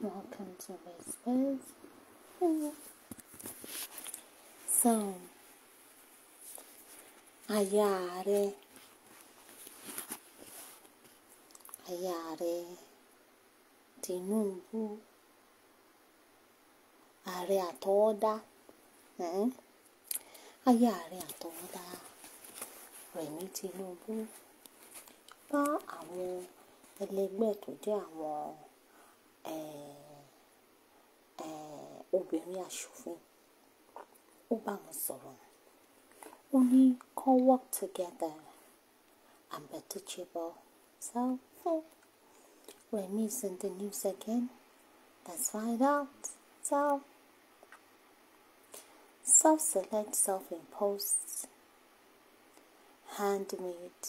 Welcome to Whispers. So, Ayare. Ayare. Tinubu. Ààrẹ àtọwọ́dá. ayare ààrẹ àtọwọ́dá. Rẹ̀mí Tinubu bá àwọn ẹlẹgbẹ́ tó jẹ́ Eh, eh, obìnrin aṣòfin ó bá wọn sọ̀rọ̀ ó ní kọ́ work together and be teachable so hmm, Remi is in the news again let's find out so self-select self-imposed handmade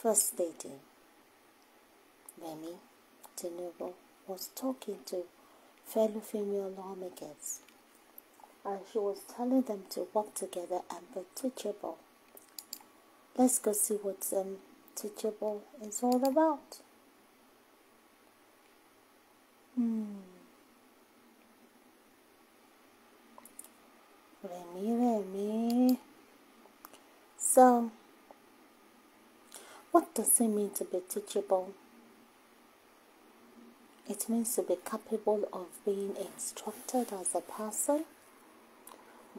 first lady Remi Tinubu was talking to fellow female lawmakers, and she was telling them to work together and be teachable. Let's go see what um, teachable is all about. Hmm. Remy, Remy. So, what does it mean to be teachable? It means to be capable of being instructed as a person.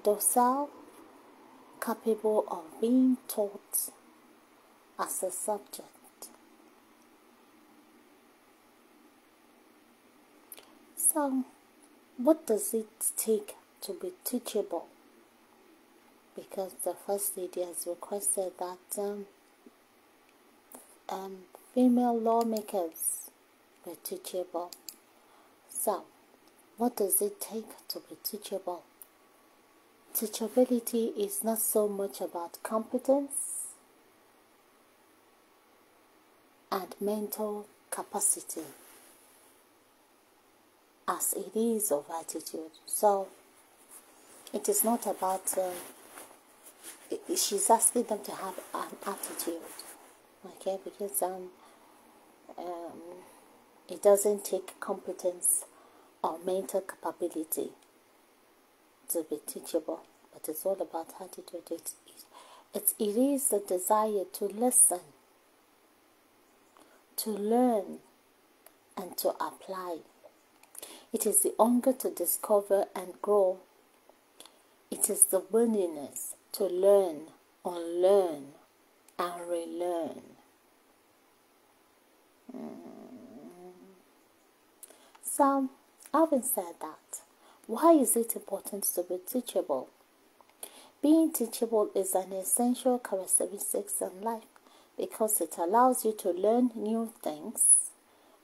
Docile, capable of being taught as a subject. So, what does it take to be teachable? Because the first lady has requested that um, um, female lawmakers be teachable. So, what does it take to be teachable? Teachability is not so much about competence and mental capacity as it is of attitude. So, it is not about, uh, she's asking them to have an attitude, okay, because um, um it doesn't take competence or mental capability to be teachable, but it's all about attitude. It, it, it is the desire to listen, to learn, and to apply. It is the hunger to discover and grow. It is the willingness to learn, unlearn, and relearn. Mm. So, having said that, why is it important to be teachable? Being teachable is an essential characteristic in life because it allows you to learn new things,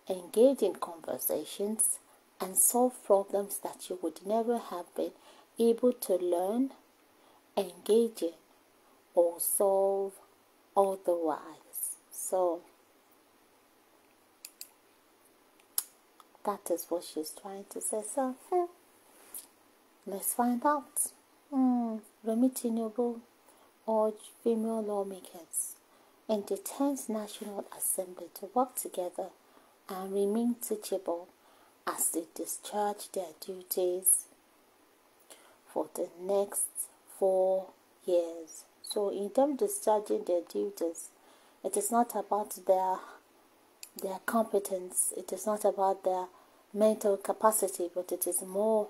engage in conversations, and solve problems that you would never have been able to learn, engage in, or solve otherwise. So, That is what she's trying to say. So, hmm, let's find out. Mm, Remi noble or female lawmakers in the 10th National Assembly to work together and remain teachable as they discharge their duties for the next four years. So, in them discharging their duties, it is not about their their competence, it is not about their mental capacity, but it is more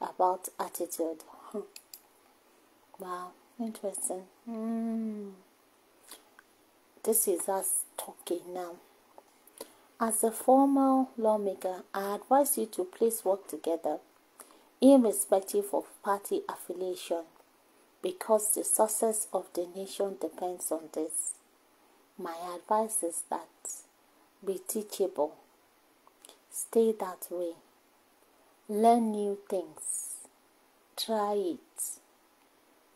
about attitude. Hmm. Wow, interesting. Mm. This is us talking now. As a formal lawmaker, I advise you to please work together, irrespective of party affiliation, because the success of the nation depends on this. My advice is that be teachable. Stay that way. Learn new things. Try it.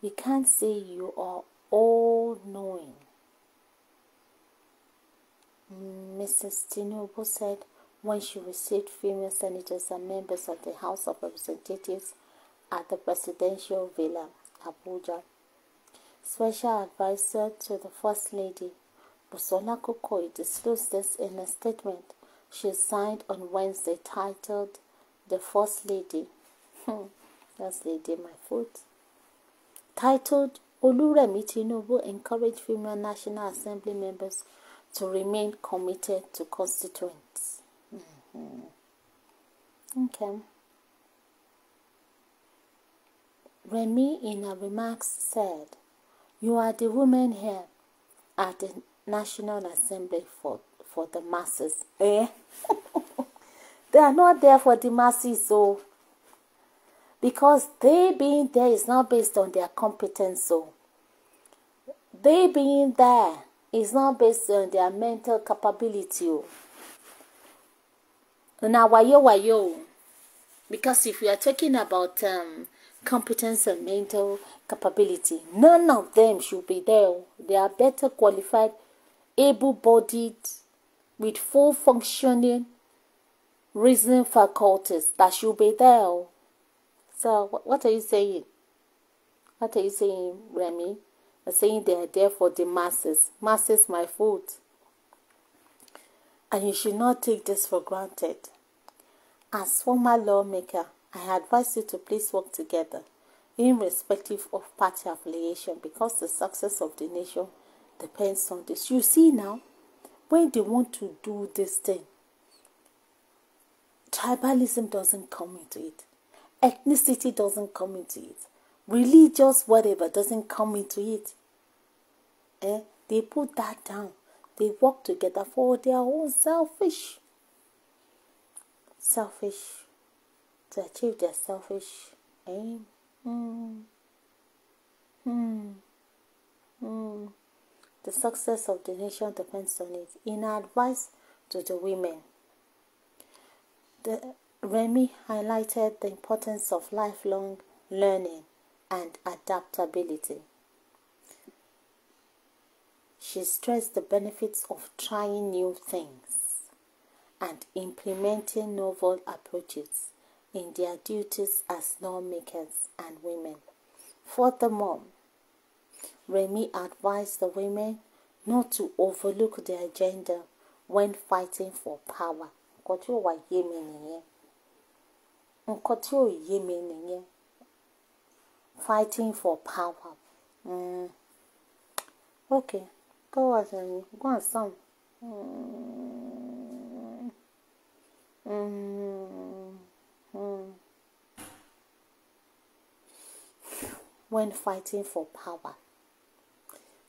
You can't say you are all knowing. Mrs. Tinubu said when she received female senators and members of the House of Representatives at the presidential villa, Abuja. Special advisor to the First Lady Bosola Kokoi disclosed this in a statement she signed on Wednesday titled The First Lady. Hmm, that's Lady My Foot. Titled Oluremi Tinubu encouraged female National Assembly members to remain committed to constituents. Mm-hmm. Okay. Remy, in her remarks, said, You are the woman here at National Assembly for, for the masses. Eh? they are not there for the masses, so oh. because they being there is not based on their competence, so oh. they being there is not based on their mental capability. Now, why yo? because if we are talking about um, competence and mental capability, none of them should be there. Oh. They are better qualified able bodied, with full functioning reasoning faculties that should be there. So, what are you saying? What are you saying, Remy? I'm saying they are there for the masses. Masses, my food. And you should not take this for granted. As former lawmaker, I advise you to please work together, irrespective of party affiliation, because the success of the nation depends on this. You see now, when they want to do this thing, tribalism doesn't come into it, ethnicity doesn't come into it, religious whatever doesn't come into it. Eh? They put that down. They work together for their own selfish, selfish, to achieve their selfish aim. Hmm. Hmm. Hmm. The success of the nation depends on it. In her advice to the women, the, Remy highlighted the importance of lifelong learning and adaptability. She stressed the benefits of trying new things and implementing novel approaches in their duties as lawmakers and women. Furthermore, Remy advised the women not to overlook their gender when fighting for power. Nǹkan tí ò wá yé mi nìyẹn. Nǹkan tí ò yé mi nìyẹn. Fighting for power. Mm. Okay, go watch Remy. go and some. When fighting for power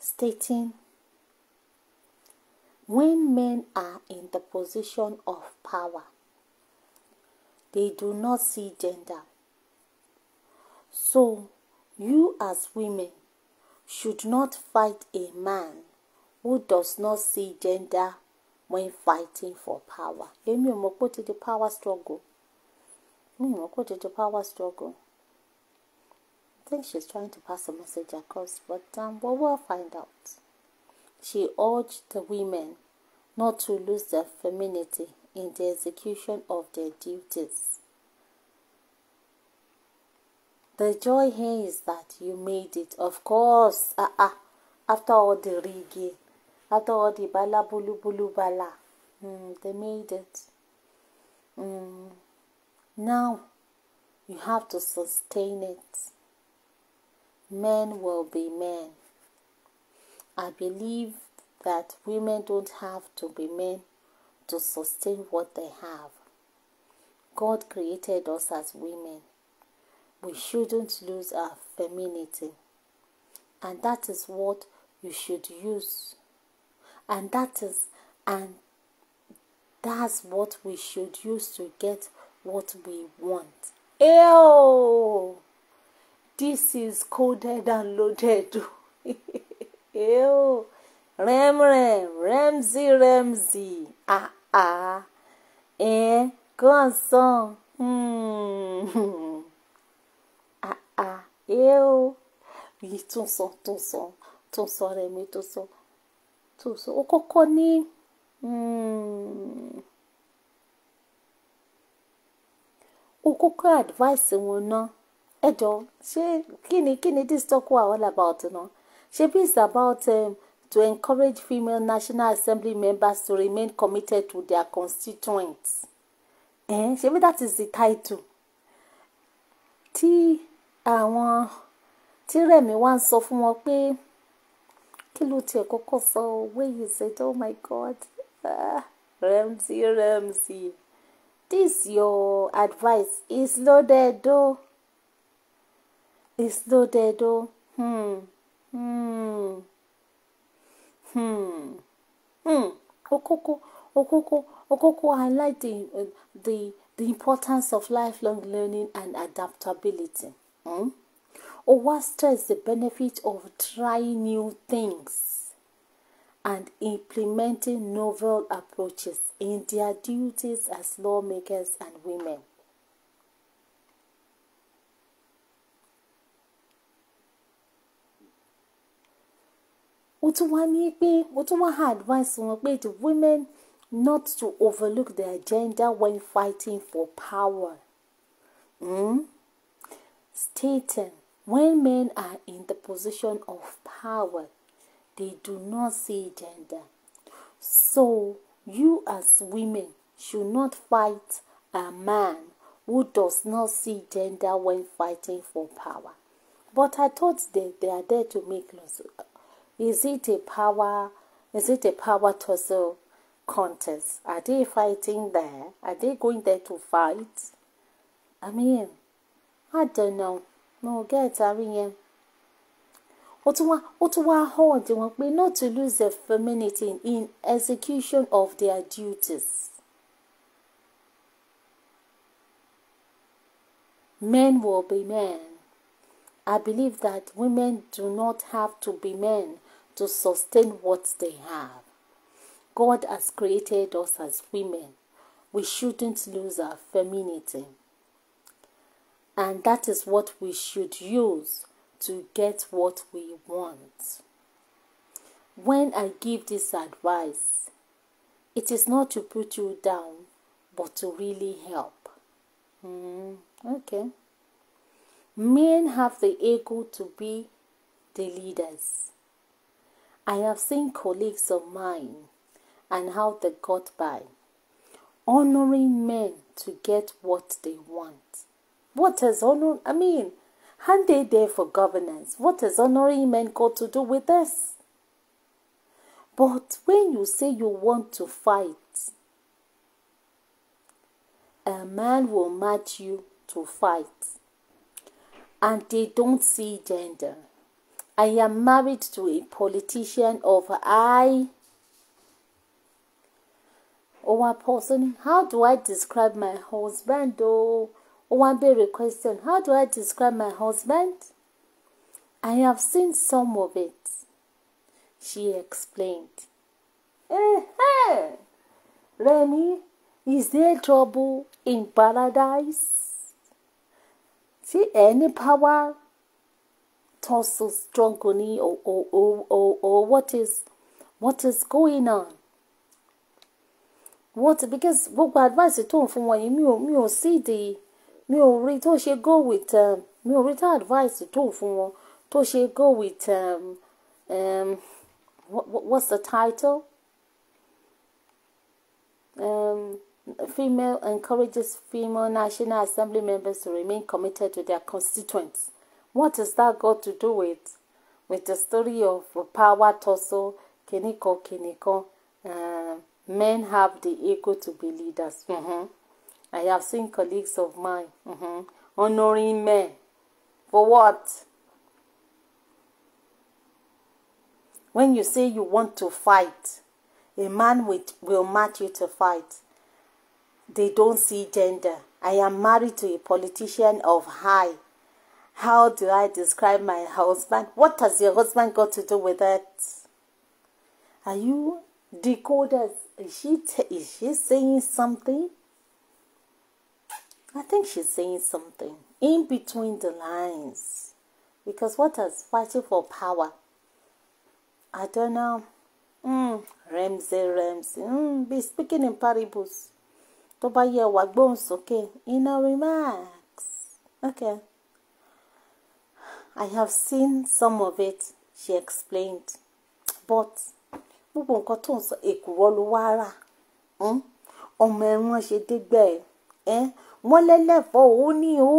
stating, When men are in the position of power, they do not see gender. So, you as women should not fight a man who does not see gender when fighting for power. Èmi ò mọ̀ pé ó ti di power struggle. Mi ò mọ̀ pé ó ti di power struggle. think she's trying to pass a message across, but um, we will find out. She urged the women not to lose their femininity in the execution of their duties. The joy here is that you made it, of course. Uh -uh. After all the rigging, after all the bala bulu bulu bala, mm, they made it. Mm. Now you have to sustain it men will be men. I believe that women don't have to be men to sustain what they have. God created us as women. We shouldn't lose our femininity. And that is what you should use. And that is and that's what we should use to get what we want. Ew! this is coded and loaded o rem rem remzi remzi ah ah eh gansan hmm. ah ah eh o yìí tún sọ tún sọ tún sọ rẹmi tún sọ tún sọ ó kọ́kọ́ Hmm. ó kọ́kọ́ advice wọn náà ẹ jọ ṣé kí ni this talk wa all about náà ṣebí it's about um, to encourage female National Assembly members to remain committed to their constituents eh? ṣebí that is the title tí àwọn tí Rẹ̀mí wá ń sọ fún wọn pé kí ló tiẹ̀ kọ́kọ́ sọ wey said oh my God ah, Ramsey Ramsey this your advice is loaded o. Oh. Isto dedo. Hmm. Hmm. Hmm. Hmm. Okoko. Okoko. Okoko like the, the, the importance of lifelong learning and adaptability. Hmm? Owa stresses the benefit of trying new things and implementing novel approaches in their duties as lawmakers and women. ó tún wá ní pé tún wá advice wọn pé the women not to overlook their gender when fighting for power. Mm? Stating when men are in the position of power, they do not see gender. So you as women should not fight a man who does not see gender when fighting for power. But I thought they, they are there to make laws. Is it a power? Is it a power tussle contest? Are they fighting there? Are they going there to fight? I mean, I don't know. No, get àrí yẹn. What tún wá What tún wá hold wọn pé not to lose their femininity in execution of their duties. Men will be men. I believe that women do not have to be men to sustain what they have. God has created us as women. We shouldn't lose our femininity. And that is what we should use to get what we want. When I give this advice, it is not to put you down, but to really help. Mm, okay. Men have the ego to be the leaders. I have seen colleagues of mine and how they got by, honoring men to get what they want. What has honor? I mean, hand they there for governance? What has honoring men got to do with us? But when you say you want to fight, a man will match you to fight, and they don't see gender. I am married to a politician of I, or a person. how do I describe my husband Oh, one very question how do I describe my husband I have seen some of it she explained "Hey, eh, eh. Remy is there trouble in paradise see any power torso strong or, or, or, or, or what is what is going on what because gbogbo advice tó ń fún wọn yìí mi ò mi ò sí di mi ò go with um, mi ò rí advice tó ń fún wọn tó ṣe go with um, um, what, what's the title um, female encourages female national assembly members to remain committed to their constituents what has that got to do with with the story of power tussle, kiniko kiniko? Uh, men have the ego to be leaders. Mm -hmm. I have seen colleagues of mine mm -hmm, honoring men for what? When you say you want to fight, a man with, will match you to fight. They don't see gender. I am married to a politician of high how do I describe my husband? What has your husband got to do with it? Are you decoders? Is she, is she saying something? I think she's saying something in between the lines. Because what is fighting for power? I don't know. Mm, Ramsey, Ramsey. Mm, be speaking in parables. Tó buy yẹ wagbons, okay? In our remarks. Okay. I have seen some of it she explained but gbogbo nǹkan tó ń sọ èkùrọ́ ló wá rà hmm? ọmọ ẹ̀wọ̀n ṣe dégbẹ́ ẹ̀ eh? wọ́n ó ní o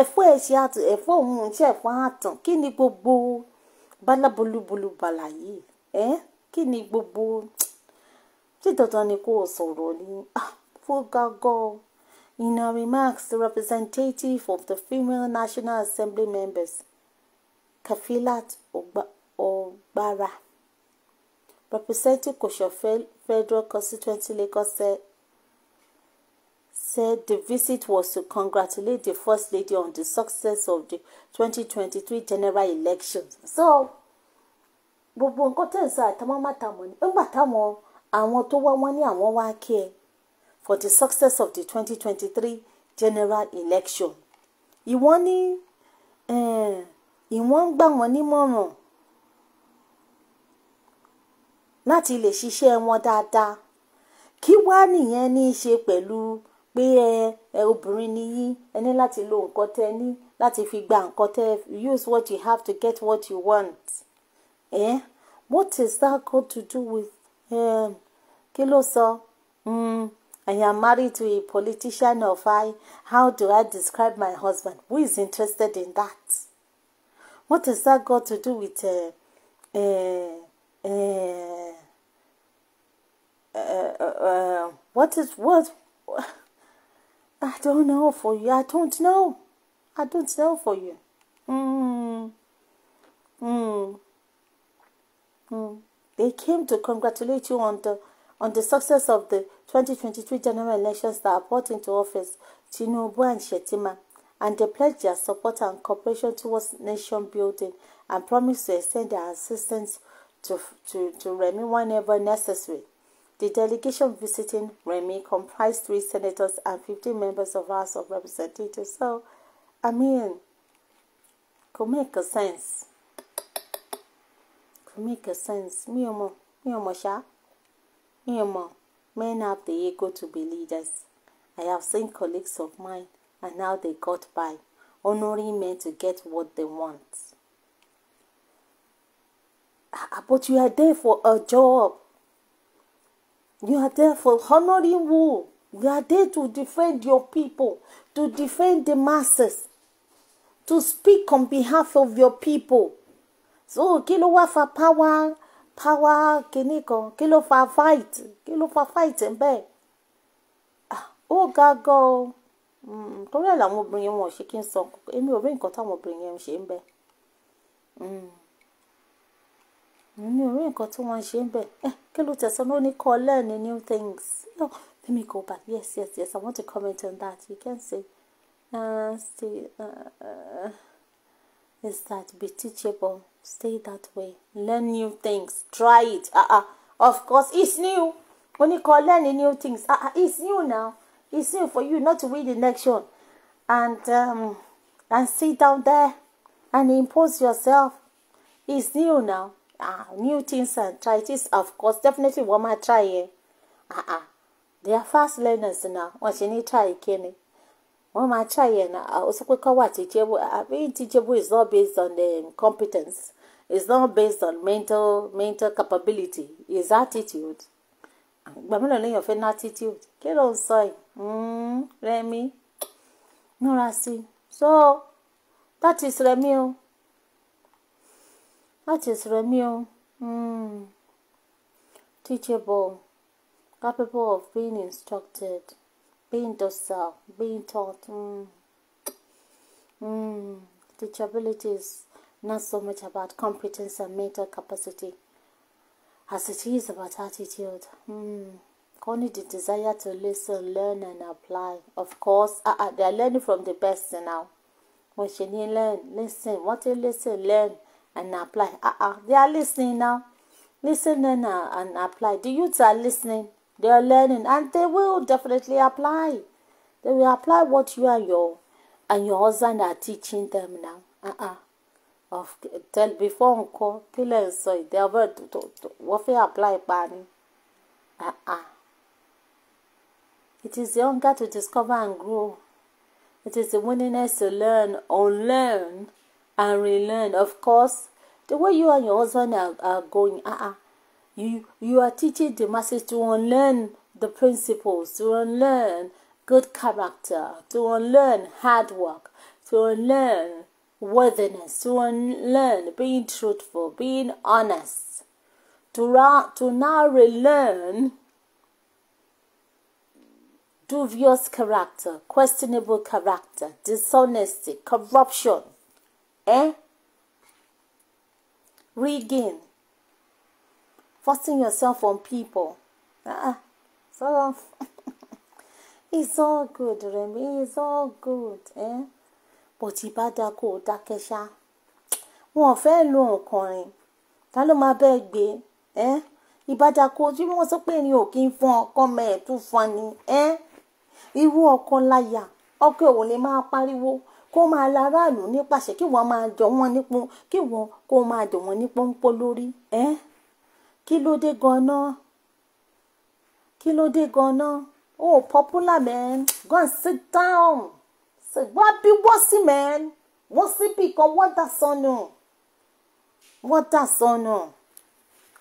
ẹ̀fọ́ ẹ̀ ṣe àtàn ẹ̀fọ́ òun ṣe ẹ̀fọ́ àtàn kí ni gbogbo bálábolúbolú bàlà yìí ẹ̀ eh? kí ni gbogbo tí dandan ni kò sọ̀rọ̀ ni ah, fúgàgọ́ in her remarks the representative of the female national assembly members Kafilat Ogbara, representing Koshofel Federal Constituency, Lagos, said, said the visit was to congratulate the First Lady on the success of the 2023 general election. So, gbogbo nǹkan tẹ̀ ń sọ àtàwọn mátàmọ́ ni nígbà táwọn àwọn tó wá wọn ní àwọn wá kí ẹ for the success of the 2023 general election. ìwọ́n ní. Uh, ìwọ́n ń gbà wọ́n nímọ̀ràn láti lè ṣiṣẹ́ wọn dáadáa kí wá nìyẹn ní í ṣe pẹ̀lú pé ẹ obìnrin ni yín ẹ ní láti lo nǹkan tẹ ní láti fi gba nǹkan tẹ use what you have to get what you want eh? what is that got to do with um, kí ló sọ mm, I am married to a politician of I how do I describe my husband who is interested in that. What has that got to do with uh, uh, uh, uh, what is what? I don't know for you. I don't know. I don't know for you. Mm. Mm. Mm. They came to congratulate you on the on the success of the 2023 general elections that are brought into office. Tinubu and Shetima and they pledged their support and cooperation towards nation building and promised to extend their assistance to, to, to Remy whenever necessary. The delegation visiting Remy comprised three senators and 15 members of House of Representatives. So, I mean, could make a sense. Could make a sense. Me omo, me omo sha. men have the ego to be leaders. I have seen colleagues of mine and how they got by, honoring men to get what they want. Ah, ah, but you are there for a job. You are there for honoring who? You are there to defend your people, to defend the masses, to speak on behalf of your people. So kí ló wá fa power power kìíní kan kí fa fight kí ló fa fight ẹ̀ bẹ́ẹ̀ ah, ó ga Mm, torí ẹ̀ làwọn obìnrin yẹn wọn ò ṣe kí n sọ èmi ò rí nǹkan táwọn obìnrin yẹn ń ṣe ń bẹ̀ mm. èmi ò rí nǹkan tí wọ́n ń ṣe ń bẹ̀ eh, kí ló tẹ̀sán ló ní kọ́ lẹ́ẹ̀ni new things oh, let me go back yes yes yes I want to comment on that you can say uh, stay uh, is that be teachable stay that way learn new things try it uh -uh. of course it's new oníkọ́ lẹ́ẹ̀ni new things uh -uh. it's new now. It's safe for you not to read the next one and um, and sit down there and impose yourself. It's new now. Ah, new things and try this. Of course, definitely one might try it. Eh? Ah, ah. They are fast learners now. What you need try can one might try it now. Also, quick what teachable. I mean, teachable is not based on the um, competence. It's not based on mental mental capability. It's attitude ìgbà mélòó lèèyàn fẹ́ ní attitude kí ló ń sọ yìí hmm, rẹmi múra sí so that is rẹmi o that is rẹmi o hmm, teachable capable of being instructed being docile being taught mm. Mm. teachability is not so much about competence and mental capacity. as it is about attitude. hmm, Only the desire to listen, learn, and apply. Of course, uh, uh, they are learning from the best now. When she need learn, listen. What they listen, learn, and apply. Uh, uh, they are listening now. Listen and, uh, and apply. The youths are listening. They are learning, and they will definitely apply. They will apply what you and your and your husband are teaching them now. Uh-uh before nǹkan kí ń sọ ìdí to wọ́n fẹ́ apply pa ni ah ah it is the hunger to discover and grow it is the willingness to learn unlearn and relearn of course the way you and your husband are, are going ah ah you you are teaching the masses to unlearn the principles to unlearn good character to unlearn hard work to unlearn worthiness. to unlearn, learn being truthful, being honest. To, to now relearn dubious character, questionable character, dishonesty, corruption, eh? Regain, forcing yourself on people. ah, uh-uh. So, it's all good, Remy. It's all good, eh? bó ti bá dá kó o dákẹ́ ṣá wọn ò fẹ́ lo nǹkan rìn ta ló máa bẹ́ẹ̀ gbé ẹ́ ìbádako tí wọ́n sọ pé ni ò kí ń fọn ọkọ mẹ́ ẹ̀ tún fọn ni ẹ́ irú ọkọ láyà ọkọ òun lè máa pariwo kó máa láràánú nípasẹ̀ kí wọ́n máa jọ wọ́n nípò kí wọ́n kó máa jọ wọ́n nípò ńpó lórí ẹ́ kí ló dé gan-an kí ló dé gan-an oh popular man go sit down. Say, what be wussy, man? Wussy because what that son no? What that son no?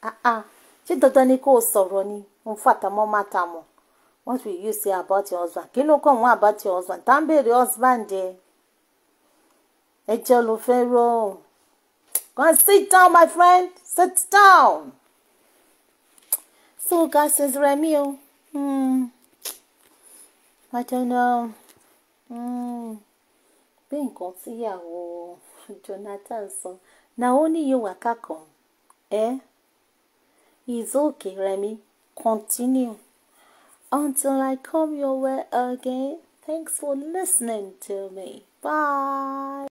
Ah ah. Ṣé dandan ni kó o sọ̀rọ̀ ni? Mo fàtàmọ́ má ta mọ̀. What will you say about your husband? Kí ló kàn wọ́n about your husband? Tá ń béèrè husband ẹ. Ẹjọ́ ló fẹ́ rọ. Go and sit down my friend. Sit down. So guys, it's Remi o. Hmm. I don't know. Hmm. bí nǹkan tíyàwó Jonathan sọ Naomi you waka come eh? it's okay Remi continue until I come your way again thanks for listening to me bye.